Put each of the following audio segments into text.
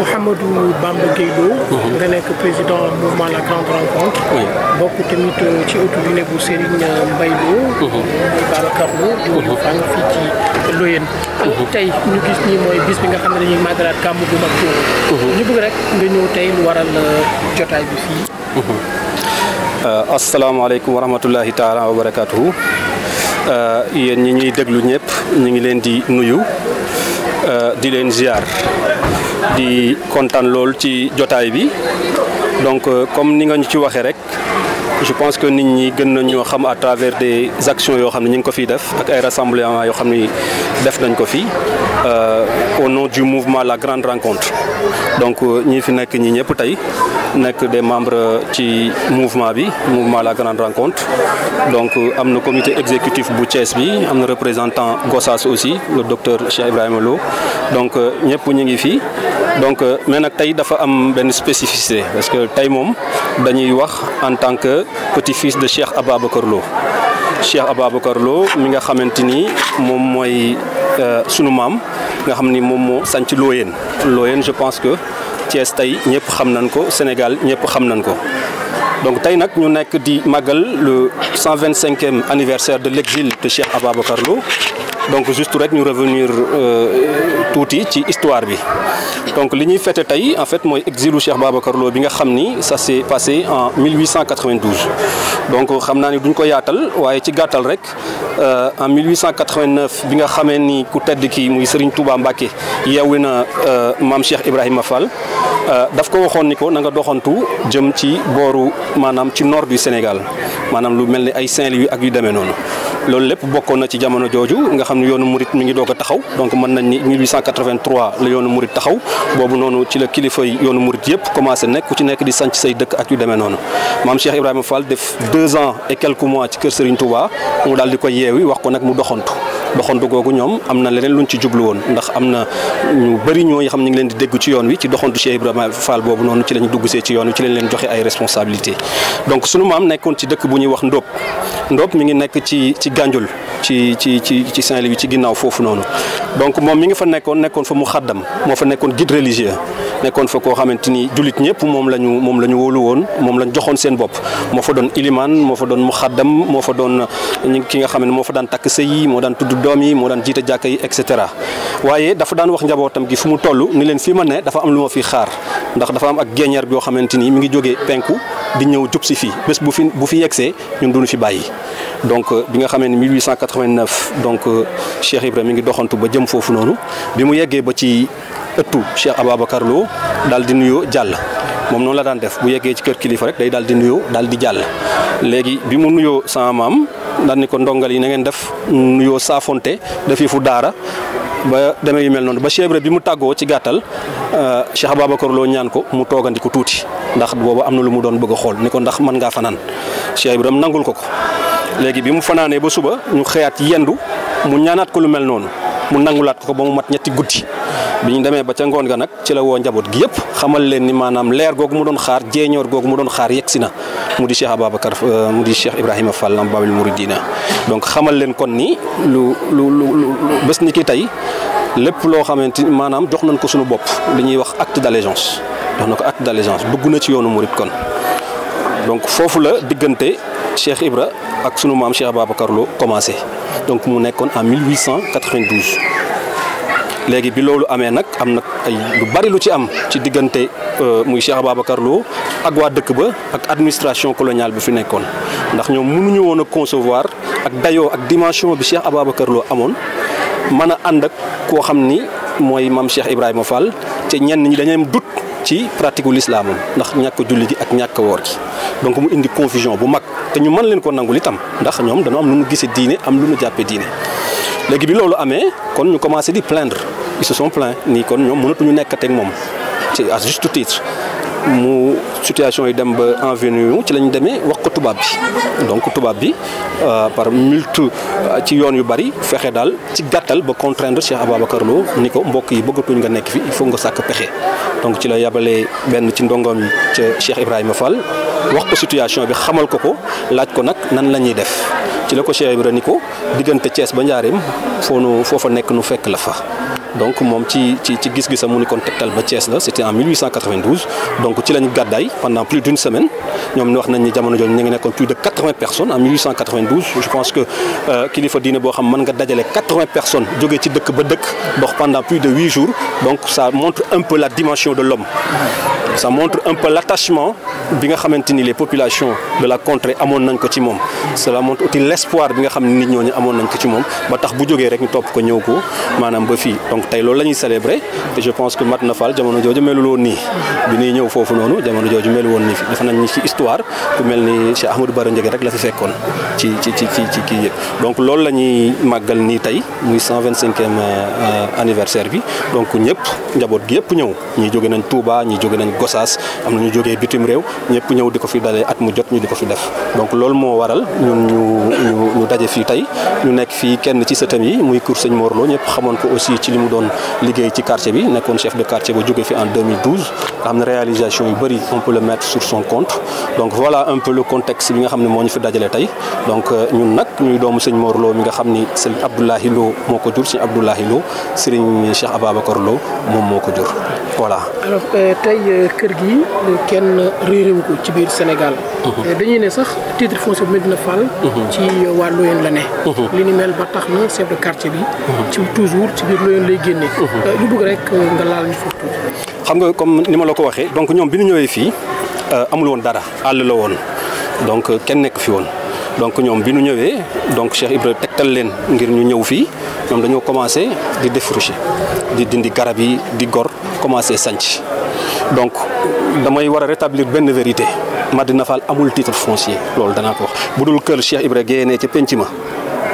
Mohamedou Bamba Gueye mhm. nga nekk président mouvement la grande rencontre bokk tamit euh, ci autobine bu Serigne euh, Mbaye Lo mhm. mooy Babacar di mhm. fang fii ci Loyenne tey ñu gis ni bis bi nga xam ne dañuy màggalaat bu mag ñu bëgg rek nga ñëw tey euh, taala wa ñi nuyu Euh, di leen ziar di kontaan lool ci jotaay bi donc euh, comme ni nga ñu ci waxee rek je pense que nit ñi gën nañoo xam à travers des actions yo xamni ñing ko fi def ak ay rassemblements yo xamni def nañ ko euh, au nom du mouvement La Grande Rencontre donc euh, ñi fi nek ñi ñep tay nek des membres ci mouvement bi mouvement La Grande Rencontre donc euh, amna comité exécutif bu Thiès bi amna représentant Gossas aussi le docteur Cheikh Ibrahim Lo donc ñep ñi ngi fi donc mais nak tay dafa am ben spécificité parce que tay mom dañuy wax en tant que petit-fils de Cheikh Ababacar Lo Cheikh Ababacar Lo mi nga xamante ni moom mooy euh, sunu maam nga xam ni moom moo sanc Looyeen je pense que Thiès tey ñëpp xam nañ ko Sénégal le xam ko donc tey nag ñu nekk di le 125e anniversaire de l'exil de Cheikh Ababacar Lo donc juste rek nous revenir euh, tout ci histoire bi donc li en fait moy exilu Cheikh Babacar Lo bi nga ça s'est passé en 1892 donc ni duñ ko ci rek euh, en 1889 bi nga xamé ni ku tedd ki muy Serigne Touba euh, Cheikh Ibrahim Fall daf ko ni ko nga nord du Sénégal lu ay Saint-Louis loolu lépp bokkoon na ci jamono jooju nga xam ne yoonu murit mi ngi doog a taxaw donc mën nañ ni 1883 la yoonu murit taxaw boobu noonu ci la kilifa yi yoonu murit yëpp commencé nekk ku ci nekk di sanc say dëkk ak yu demee noonu maam Cheikh Ibrahima Fall def deux ans et quelques mois ci kër Serigne Touba mu daal di ko yeewi wax ko nag mu doxantu doxantu googu ñoom am na leneen luñ ci jublu woon ndax am na ñu bëri ñoo xam ñu ngi leen di dégg ci yoon wi ci doxantu Cheikh Ibrahima Fall boobu noonu ci lañ dugg see ci yoon wi ci lañ joxe ay responsabilité donc sunu maam nekkoon ci dëkk bu ñuy wax Ndóob Ndóob mu ngi nekk ci ci Gànjul ci ci ci ci Saint-Louis ci ginnaaw foofu noonu donc moom mi ngi fa nekkoon nekkoon fa mu xaddam moo fa nekkoon guide religieux nekkoon fa koo xamante ni jullit ñëpp moom la ñu moom la ñu wóolu woon moom la ñu joxoon seen bopp moo fa doon ilimaan moo fa doon mu xaddam moo fa doon ki nga xam moo fa daan takk sëy daan tudd doom yi moo daan jiite jàkka yi et cetera waaye dafa daan wax njabootam gi fu mu toll ni leen fi ma ne dafa am lu ma fi xaar ndax dafa am ak géñeer yoo xamante ni mi ngi jóge penku di ñëw jub fii bés bu fi bu fi yegsee ñun du duñu fi bàyyi. donc euh, bi nga xamee ni 1889 donc euh, Cheikh Ibrahima mi ngi doxantu ba jëm foofu noonu bi mu yeggee ba ci ëttu Cheikh Ababacar Lo daal di nuyoo jàll. mom non la dan def bu yegge ci keur kilifa rek day daal di nuyoo daal di jàll bi mu nuyo sama mam dal ni ko ndongal yi na ngeen def sa saafonte def fu daara ba demee yu mel non ba chebre bi mu taggo ci gàttal euh, Cheikh Ababacar Lo ñaan ko mu toogandi tuti ndax bobu amna lu mu doon bëgg xol niko ndax man nga fanan Cheikh Ibrahim nangul ko ko legui bi mu ba suba ñu yendu mu ñaanat ko lu mel mu nangulat ko ba mu mat ñetti guddi biñu démé ba ca ngon ga nak ci la wo njabot gi yépp xamal leen ni manam lèr gog mu doon xaar jéñor gog mu doon xaar yegsi mu di cheikh ababakar euh, mu di cheikh ibrahim fall babil Muridina, donc xamal leen kon ni lu lu lu lu ni ki tey lépp loo xamante maanaam jox nañ ko suñu bop li ñuy wax acte d'allégeance jox acte d'allégeance ci yoonu murid kon donc fofu la digënté Cheikh Ibra ak sunu mam Cheikh Babacar Lo commencé donc mu nekkoon en 1892 légui bi loolu amé nak am na ay lu bari lu ci am ci euh muy Cheikh Babacar Lo ak wa dëkk ba ak administration coloniale bi fi nekkoon ndax ñom mënu ñu a concevoir ak dayo ak dimension bi Cheikh Ababacar Lo amoon mën a ànd ak koo ni mooy Cheikh Ibrahima Fall ci ñen ñi dañuy doute ci pratique l'islam ndax ñàkk julli gi ak ñak wor donc mu confusion bu mag te ñu man leen ko nangul itam ndax ñom dañu am lu ñu am commencé di plaindre ils se sont plaints ni kon ñu ci à juste titre. mu situation yi dem ba envenu ci lañ demee wax ko tubaab bi donc tubaab bi euh, par multi euh, ci yoon yu bari fexe daal ci gàttal ba contraindre Cheikh Ababacar Lo ni ko mbokk yi bëggatuñ nga nekk fi il nga sàkk pexe donc ci la yabalee benn ci ndongoom yi ca Cheikh Ibrahima Fall wax ko situation bi xamal ko ko laaj ko nag nan la ñuy def ci la ko Cheikh Ibrahima ni ko diggante Thiès ba Njaareem foo nu foofa nekk nu fekk la fa. donc mon petit ci en 1892 donc pendant plus d'une semaine nous avons nañ plus de 80 personnes en 1892 je pense que nous avons eu xam man nga 80 personnes ci ba pendant plus de 8 jours donc ça montre un peu la dimension de l'homme ça montre un peu l'attachement que bi nga les populations de la contrée amon nañ ko cela montre aussi l'espoir bi nga xam nit ñoo amon nañ ko ci ba tax bu rek ñu ko donc tey loolu la ñuy célébrer te je pense que mat na faal jamono jooju melul woon nii bi ñuy ñëw foofu noonu jamono jooju melu woon nii dafa nañ ci histoire ku mel ni Cheikh Ahmadou Bara Ndiéguène rek la fi fekkoon ci ci ci ci ci kii yëpp donc loolu la ñuy màggal nii tey euh, nañ Touba ñi jóge na ñu jógee bitim réew ñëpp ñëw di ko fi dalee at mu jot ñu di ko fi def donc loolu moo waral ñun ñu ñu daje fii tey ñu yi muy Kër Sëñ Morlo ñëpp xamoon ko aussi ci li don liggéey ci quartier bi nekkoon chef de quartier bu jóge fi en 2012 Amne réalisation yu bari on peut le mettre sur son compte donc voilà un peu le contexte bi nga xamné moñu fi dajalé tay donc euh, ñun nak ñuy doomu sëñ Morlo, mi nga xamné ni sëñ Lo moko ko jur sëñ Abdoulahi Lo sëriñ Cheikh ababakar Lo mom moko jur voilà. alors euh, tey euh, kër gi kenn réeréwu ko ci biir Sénégal. Mhm. dañuy ne sax titre foncier bu Médina Fall. Mhm. ci waa Loyenne la né mhm. li ni mel ba tax na chef de quartier bi. ci toujours ci biir Loyenne lay génne. Euh, ñu bëgg rek euh, nga laal ñu foofu xam nga comme ni ma la donc ñom biñu ñu fi fii euh, amul woon dara àll la woon donc ken nek fi woon donc ñom biñu ñu donc Cheikh Ibrahima tegtal leen ngir ñu ñëw fi ñom dañu commencé di défricher di dindi garab yi di gor commencé sanc donc damay wara rétablir ben vérité Madina Fall amul titre foncier loolu danaa ko wax bu dul kër Cheikh Ibrahima génnee ci penc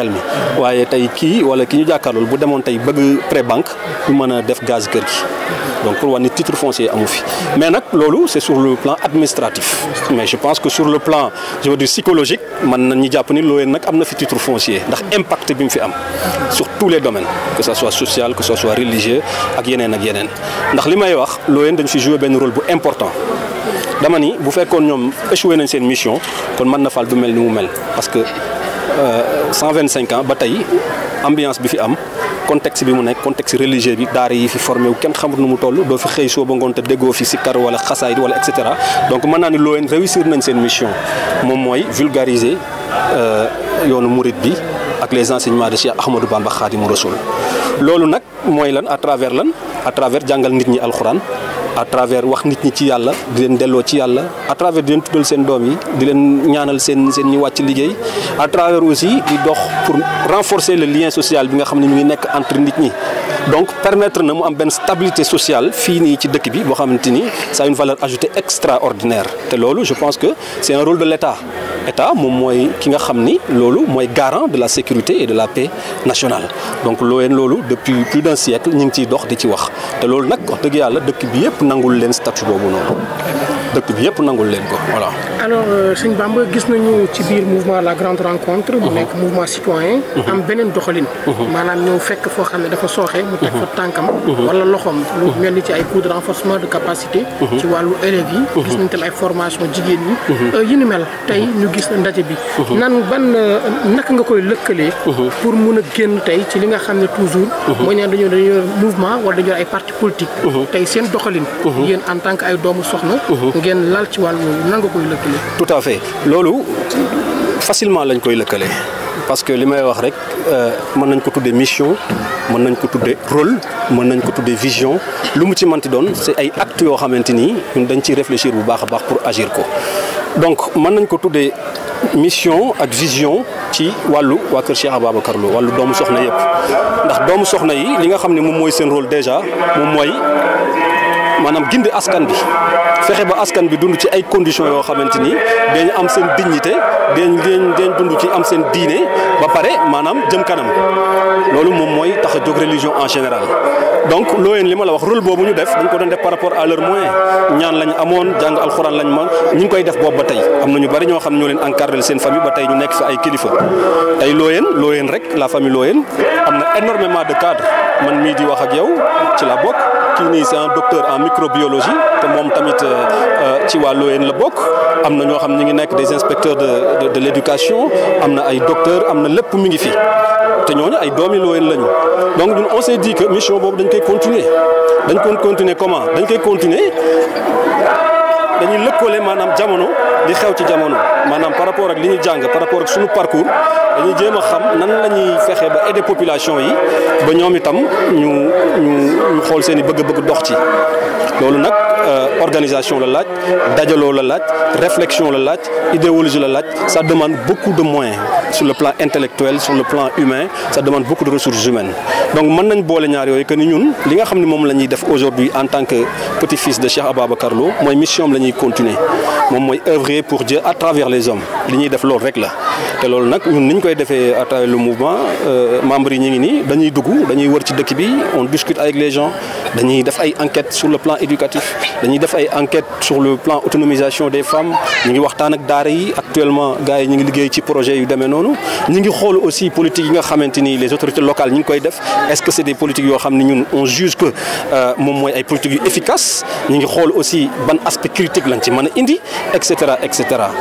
xel mi waaye tey kii wala ki ñu jàkkaarlool bu demoon tey bëgg pré banque ñu mën a def gaz kër gi donc pour wax ni titre foncier amu fi mais nag loolu c'est sur le plan administratif mais je pense que sur le plan je veux dire psychologique mën ñu jàpp ni looyeen nag am na fi titre foncier ndax impact bi mu fi am sur tous les domaines que ça soit social que ça soit religieux ak yeneen ak yeneen ndax li may wax looyeen dañ fi jouer benn rôle bu important dama ni bu fekkoon ñoom échoué nañ seen mission kon man na fal du mel ni mu mel parce que 125 euh, ans bataille ambiance bi fi am contexte bi mu nek contexte religieux bi daara yi fi formé wu kenn xamut nu mu toll do fi xey soo ba ngoon te déggoo fi sikkar wala xasaayid wala et cetera donc man naa ni looleen réussir nañ sen mission mom moy vulgariser euh, yoonu mouride bi ak les enseignements de Cheikh Ahmadou Bamba Khadimou Rasoul loolu nak moy lan à travers lan à travers jangal nit ñi alcorane à travers wax nit ñi ci yalla di len delloo ci yalla à travers di len tuddel sen doom yi di len ñaanal sen sen ñi wacc liggéey à travers aussi di dox pour renforcer le lien social bi nga xamni ne mu ngi nekk entre nit ñi donc permettre une stabilité sociale fini ci dëkk ça a une valeur ajoutée extraordinaire té je pense que c'est un rôle de l'État État mom moy ki nga xamni lolu garant de la sécurité et de la paix nationale donc l'ONE, lolu depuis plus d'un siècle ñing ci dox di ci wax té lolu nak wax dëgg yalla statut dëkk bi yëpp nangul leen ko voilà. alors euh, sëñ Bamba gis nañu ci biir mouvement la grande rencontre. mu mhm. nekk mouvement citoyen. Mhm. am beneen doxalin. Mhm. maanaam ñëw fekk foo xam ne dafa sooxe. mu teg fa tànkam. wala loxoom lu mel ni ci ay cours de renforcement de capacité. ci wàllu élèves yi. gis nañ tam ay formation jigéen yi. Euh, yi ni mel tey ñu gis ndaje bi. nan ban euh, naka nga koy lëkkalee. pour mun a génn tey ci li nga xam ne toujours. mooy ne dañoo dañoo mouvement wala dañoo ay parti politique. tey seen doxalin. yéen en tant que ay doomu soxna ngeen laal ci wàll woowu nan koy lëkkale. tout à fait loolu facilement lañ koy lëkkale parce que li may wax rek euh, mën nañ ko tuddee mission mën nañ ko tuddee rôle mën nañ ko tuddee vision lu mu ci manti doon c'est ay actes yoo xamante ni ñun dañ ciy réfléchir bu baax baax pour agir ko donc mën nañ ko tuddee mission ak vision ci walu wa keur Cheikh Ababacar Lo walu doomu soxna yëpp ndax doomu soxna yi li nga xam ne moom mooy seen rôle déjà moom mooy. maanaam gindi askan bi fexe ba askan bi dund ci ay conditions yoo xamante ni dañu am seen dignité dañ dañ dañ dund ci am seen diine ba pare maanaam jëm kanam loolu moom mooy tax a jóg religion en général. donc looyeen li ma la wax rôle boobu ñu def dañ ko doon def par rapport à leurs moyens ñaan lañ amoon jàng alxuraan lañ ma ñu ngi koy def boobu ba tey am na ñu bari ñoo xam ñoo leen encadré seen famille ba tey ñu nekk fi ay kilifa tey looyeen looyeen rek la famille looyeen am na énormément de cadres man mii di wax ak yow ci la bokk. c'est un docteur en microbiologie te moom tamit euh, euh, ci wàllu yéen la bokk am ñoo xam des inspecteurs de de l'éducation amna na ay docteur am na lépp mi ngi fi te ñooñu ay lañu donc ñun on s'est dit que mission boobu dañ koy continuer dañ koy continuer comment dañ koy continuer dañuy lëkkoole maanaam jamono di xew ci jamono maanaam par rapport ak li ñu jàng par rapport ak suñu parcours dañuy jéem a xam nan la ñuy fexe ba aider population yi ba ñoom itam ñu ñu ñu xool seen i bëgg-bëgg dox ci loolu nag. Euh, organisation le lat, d'adjolo la lat, réflexion le lat, idéologie le lat, ça demande beaucoup de moyens sur le plan intellectuel sur le plan humain ça demande beaucoup de ressources humaines donc maintenant, nañ boole ñaar que nous, ñun li nga xam aujourd'hui en tant que petit-fils de Cheikh Ababacar Lo mooy mission am la continuer Nous est œuvrer pour Dieu à travers les hommes li ñuy def loolu rek la te loolu nag ñun à travers le mouvement euh, membres yi ñu ngi nii dañuy nous dañuy wër on discute avec les gens dañuy def ay enquêtes sur le plan éducatif dañuy def ay enquêtes sur le plan autonomisation des femmes ñu ngi waxtaan ak daara yi actuellement gars yi ñu ngi liggéey ci projet yu demee noonu ñu ngi xool aussi politique yi nga xamante les autorités locales ñu ngi koy def est-ce que c'est des politiques yoo xam ñun on juge que euh, moom mooy ay politiques yu efficaces ñu ngi xool aussi ban aspect critique lañ ci indi etc etc.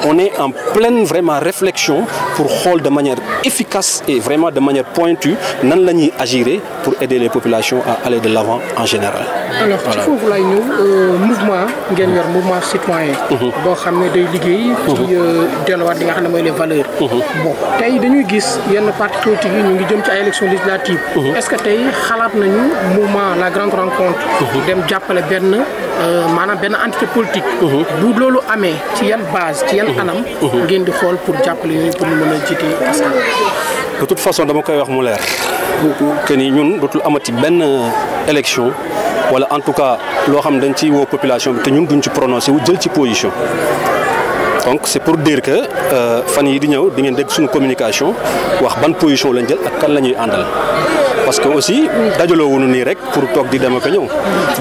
on est en pleine vraiment réflexion pour xool de manière efficace et vraiment de manière pointue nan la ñuy pour aider les populations à aller de l'avant en général. Alors, voilà mouvement ngeen yor mouvement citoyen mhm. boo xam ne day liggéey ci mhm. euh, delluwaat li nga xam ne mooy les valeurs mhm. bon tey dañuy gis yenn parti politique yi ñu ngi jëm ci ay élection législative est-ce que tey xalaat nañu mouvement la grande rencontre dem jàppale benn euh, maanaam benn entité politique bu loolu amee ci yan base ci yan anam ngeen di xool pour jàppale yooyu pour ñu mën a askan de toute façon dama koy wax mu leer que ni ñun dootul amati benn euh, élection wala en tout cas loo xam dañ ci woo population bi te ñun duñ ci prononcé wu jël ci position donc c'est pour dire que euh, fan yi di ñëw di ngeen dégg suñu communication wax ban position lañ jël ak kan lañuy andal parce que aussi dajaloo wuñu ni rek pour tok di dem ak ñëw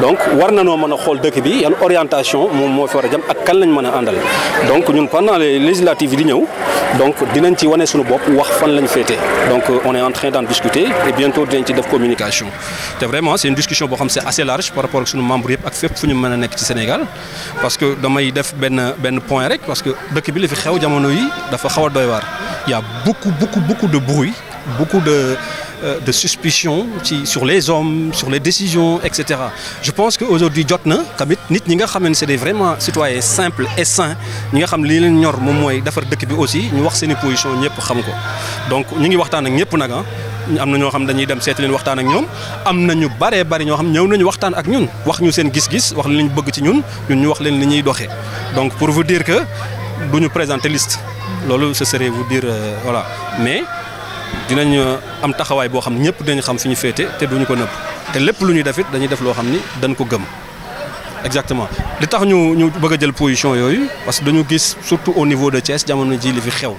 donc war nañu mëna xol dëkk bi yan orientation moom moo fi war jëm ak kan lañ mëna andal donc ñun pendant les législatives di ñëw donc dinañ ci wone suñu bopp wax fan lañ fété donc euh, on est en train d'en discuter et bientôt dinañ ci def communication C'est vraiment c'est une discussion bo xam c'est assez large par rapport ak suñu membre yëpp ak fépp fu mëna nekk ci Sénégal parce que damay def ben ben point rek parce que que dëkk bi li fi xew jamono yi dafa doy y a beaucoup beaucoup beaucoup de bruit beaucoup de euh, de suspicion ci sur les hommes sur les décisions et cetera je pense que aujourd'hui jot na tamit nit ñi nga xam c'est des vraiment citoyens simples et sains ñi nga xam li leen ñor moom moy defar dëkk bi aussi ñu wax seen position ñepp xam ko donc ñi ngi waxtaan ak ñëpp ah amna na ñoo xam dañuy dem seeti leen waxtaan ak ñoom am na ñu bare bari ñoo xam ñëw nañu waxtaan ak ñun wax ñu seen gis-gis wax li ñu bëgg ci ñun ñun ñu wax leen li ñuy doxee donc pour vous dire que du présenter liste loolu ce serait vous dire euh, voilà mais dinañ euh, am taxawaay boo xam ne ñëpp dinañ xam fi ñu féete te duñu ko nëbb te lépp lu ñuy def it dañuy def loo xam ni dañ ko gëm exactement li tax ñu ñu bëgg a jël position yooyu parce que dañu gis surtout au niveau de Thiès jamono ji li fi xew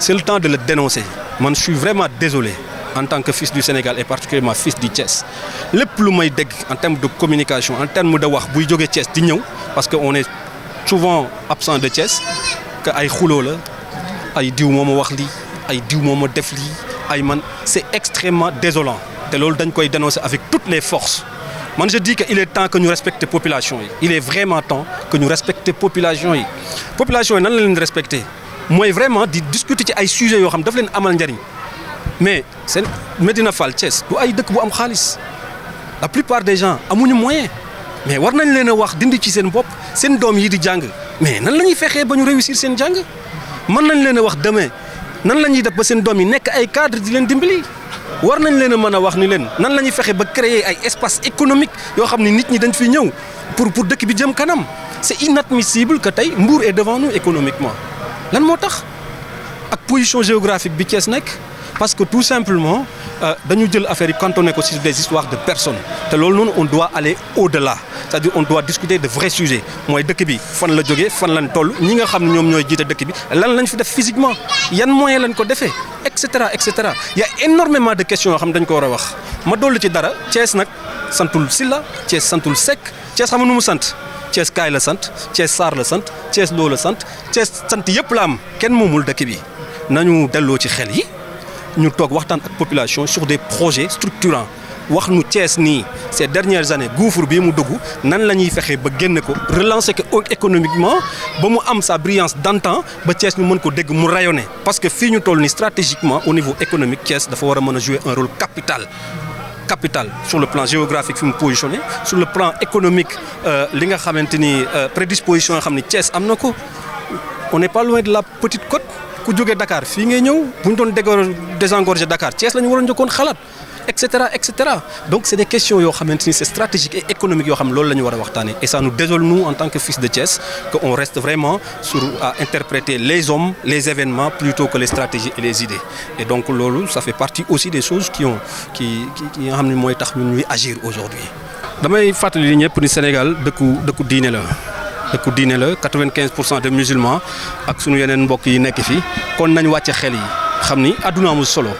c'est le temps de le dénoncer man je suis vraiment désolé en tant que fils du Sénégal et particulièrement fils du Thiès le plus may en termes de communication en termes de wax buy Thiès parce qu'on est souvent absent de Thiès que ay xuloo la man c'est extrêmement désolant C'est loolu dañ koy dénoncer avec toutes les forces Moi je dis qu'il est temps que respections la population il est vraiment temps que respections la population La population est nan la leen respecter vraiment discuter ci ay sujets xam mais seen Medina Fall Thiès du ay dëkk bu am xaalis la plupart des gens amuñu moyen mais war nañ leen a wax dindi ci seen bopp seen doom yi di jàng mais nan la ñuy ba ñu réussir seen jàng mën nañ leen a wax demain nan la ñuy def ba seen doom yi nekk ay cadre di leen dimbali. war nañ leen a mën wax ni leen nan la ñuy fexe ba créer ay espace économique yo xam ne nit ñi dañ fi ñëw pour pour dëkk bi jëm kanam c'est inadmissible que tey Mbour est devant nous économiquement lan moo ak position géographique bi Thiès nekk parce que tout simplement euh, dañu jël affaire yi cantonné ko des histoires de personnes te loolu on doit aller au-delà c'est-à-dire on doit discuter de vrais sujets Moi, dëkk bi fan la jógee fan lañ toll ñi nga xam ne ñoom ñooy jiite dëkk bi lan lañ fi def physiquement yan moyens lañ ko defee et cetera il y a énormément de questions à xam dañ ko war a wax ma dolli ci dara Thiès nak, santul Silla Thiès santul sec, Thiès xam nu mu sant Thiès kai la sant Thiès sar la sant Thiès Lo la sant Thiès sant yëpp la am kenn moomul dëkk bi nañu ci xel yi nous toog avec la population sur des projets structurants Nous Thiès ces dernières années gouffre bii mu dugg nan relancer économiquement ba mu sa brillance d'antan ba Thiès ñu mën rayonner parce que si nous toll stratégiquement au niveau économique nous devons jouer un rôle capital capital sur le plan géographique nous positionné sur le plan économique nous euh, nga une euh, prédisposition à xam on n'est pas loin de la petite côte ku Dakar fi ngay ñëw bu ñu doon déggoo désengorger Dakar Thiès la ñu waroon njëkkoon xalaat et cetera et cetera donc c'est des questions yo xamanteni c'est stratégique et économique yo xam loolu lañu wara war et ça nous désole nous en tant que fils de Thiès que on reste vraiment sur à interpréter les hommes les événements plutôt que les stratégies et les idées et donc loolu ça fait partie aussi des choses qui ont qui qui qui xam moy tax ñun ñuy agir aujourd'hui damay fàttali ñepp ni Sénégal deku deku diine la dëkku diine la 95 de musulmans ak suñu yeneen mbokk yi nekk fi kon nañ wàcce xel yi xam ni àdduna amul solo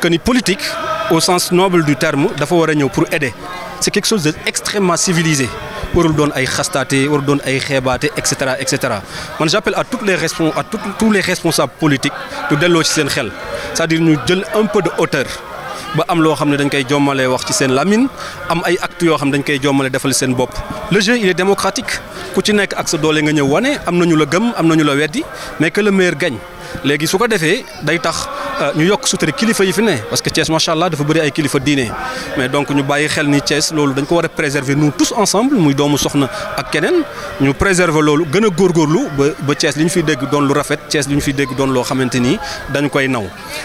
que ni politique au sens noble du terme dafa war a ñëw pour aider c'est quelque chose d'extrêmement civilisé warul doon ay xastaate warul doon ay xeebaate et cetera et cetera man j'appelle à toutes les respons à tous les responsables politiques de delloo ci seen xel c'est-à-dire ñu jël un peu de hauteur ba am loo xam ne dañ koy jommalee wax ci seen lamine am ay actes yoo xam ne dañ koy jommalee defal seen bopp le jeu il est démocratique ku ci nekk ak sa doole nga ñëw wane am nañu la gëm am nañu la weddi mais que le meilleur léegi su ko defee day tax ñu yok sutura kilifa yi fi ne parce que Thiès machallah allah dafa bëri ay kilifa diine mais donc ñu bayyi xel ni Thiès lolu dañ ko wara préserver nous tous ensemble muy doomu soxna ak kenen ñu préserver lolu gëna gor gorlu ba ba Thiès liñ ñu fiy dégg doon lu rafet Thiès liñ ñu fiy dégg doon lo xamanteni dañ koy naw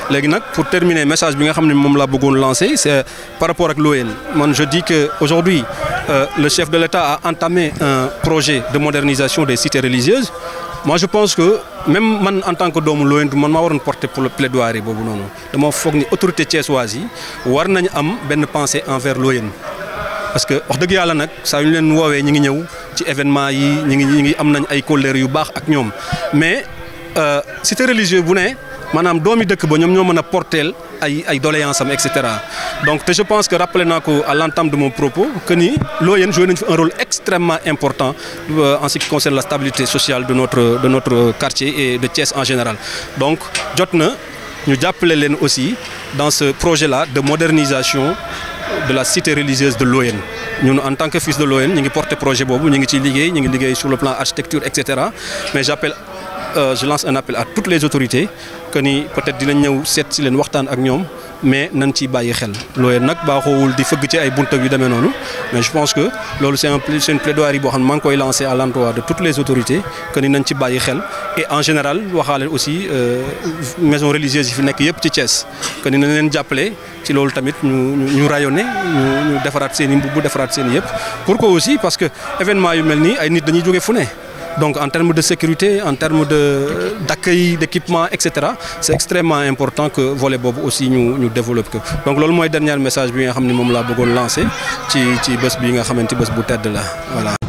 légui nak pour terminer message bi nga xam mom la bëggoon lancer c'est euh, par rapport ak looyeen man je dis que aujourd'hui euh, le chef de l'État a entamé un projet de modernisation des cités religieuses moi je pense que même man en tant que dom Loyentu man ma warone porter pour le plaidoirie boobu noonu dama foog ni autorité thiessoise war nañ am ben pensée envers Loyen parce que wax deug yalla nak sa ñu leen wowe ñi ngi ñew ci événement yi ñi ngi ñi ngi am nañ ay colère yu baax ak ñom mais euh cité religieux bu ne manam domi dëkk ba ñom ñoo mëna donc je pense que rappeler à l'entente de mon propos que ni joue un rôle extrêmement important euh, en ce qui concerne la stabilité sociale de notre de notre quartier et de Thiès en général donc nous, nous ñu aussi dans ce projet là de modernisation de la cité religieuse de l'ON. Nous, en tant que fils de l'ON, nous portons le projet Bobo, nous avons sur le plan architecture, etc. Mais j'appelle euh, je lance un appel à toutes les autorités que ni peut-être dinañ ñëw seet ci len waxtaan ak ñom mais nañ ci bayyi xel loolee nag baaxoowul di feug ci ay buntu yu démé nonu mais je pense que lolu c'est un c'est une plaidoirie bo xam ne koy lancé à l'endroit de toutes les autorités que ni nañ ci bayyi xel et en général waxale aussi euh, maison religieuse yi fi nek yépp ci Thiès que ni nañ leen jàppale ci lolu tamit ñu ñu rayonné ñu defaraat seen bu mbubb seen yépp pourquoi aussi parce que événement yu melni ay nit dañuy jóge fu donc en termes de sécurité, en termes d'accueil, d'équipement, etc., c'est extrêmement important que Volley Bob aussi nous, développe. Donc c'est le dernier message que je voulais lancer, sur bus qui Voilà.